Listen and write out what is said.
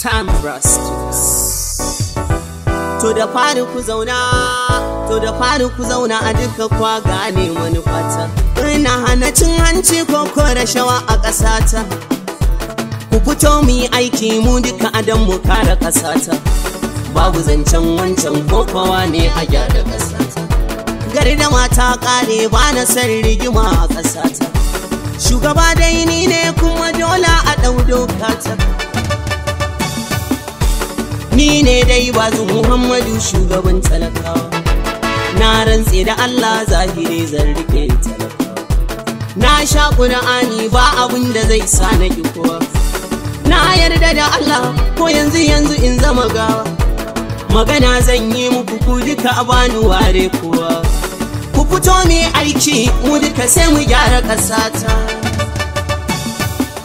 Tambra Studios. To da fari ku zauna, to da fari ku zauna a duka kwa gane wani kwata. Ina hana cin hanci ko kore shawa a ƙasata. Ku fito mu yi aiki mu duka adon mu kare ƙasata. Babu zancen wancan kokowa ne a gyara ƙasata. Gari da mata ƙare ba na san rigima a ƙasata. Shugaba dai ni ne kuma dole a ɗau doka ta. ni ne dai ba bazu muhammadu shugaban talakawa na rantse da allah zahiri zan rike talakawa na sha ƙura'ani ba abin da zai sa na kowa na yarda da allah ko yanzu yanzu in zama gawa magana zan yi muku ku duka bani ware kowa ku fito mai aiki mu duka sai mu gyara ƙasata.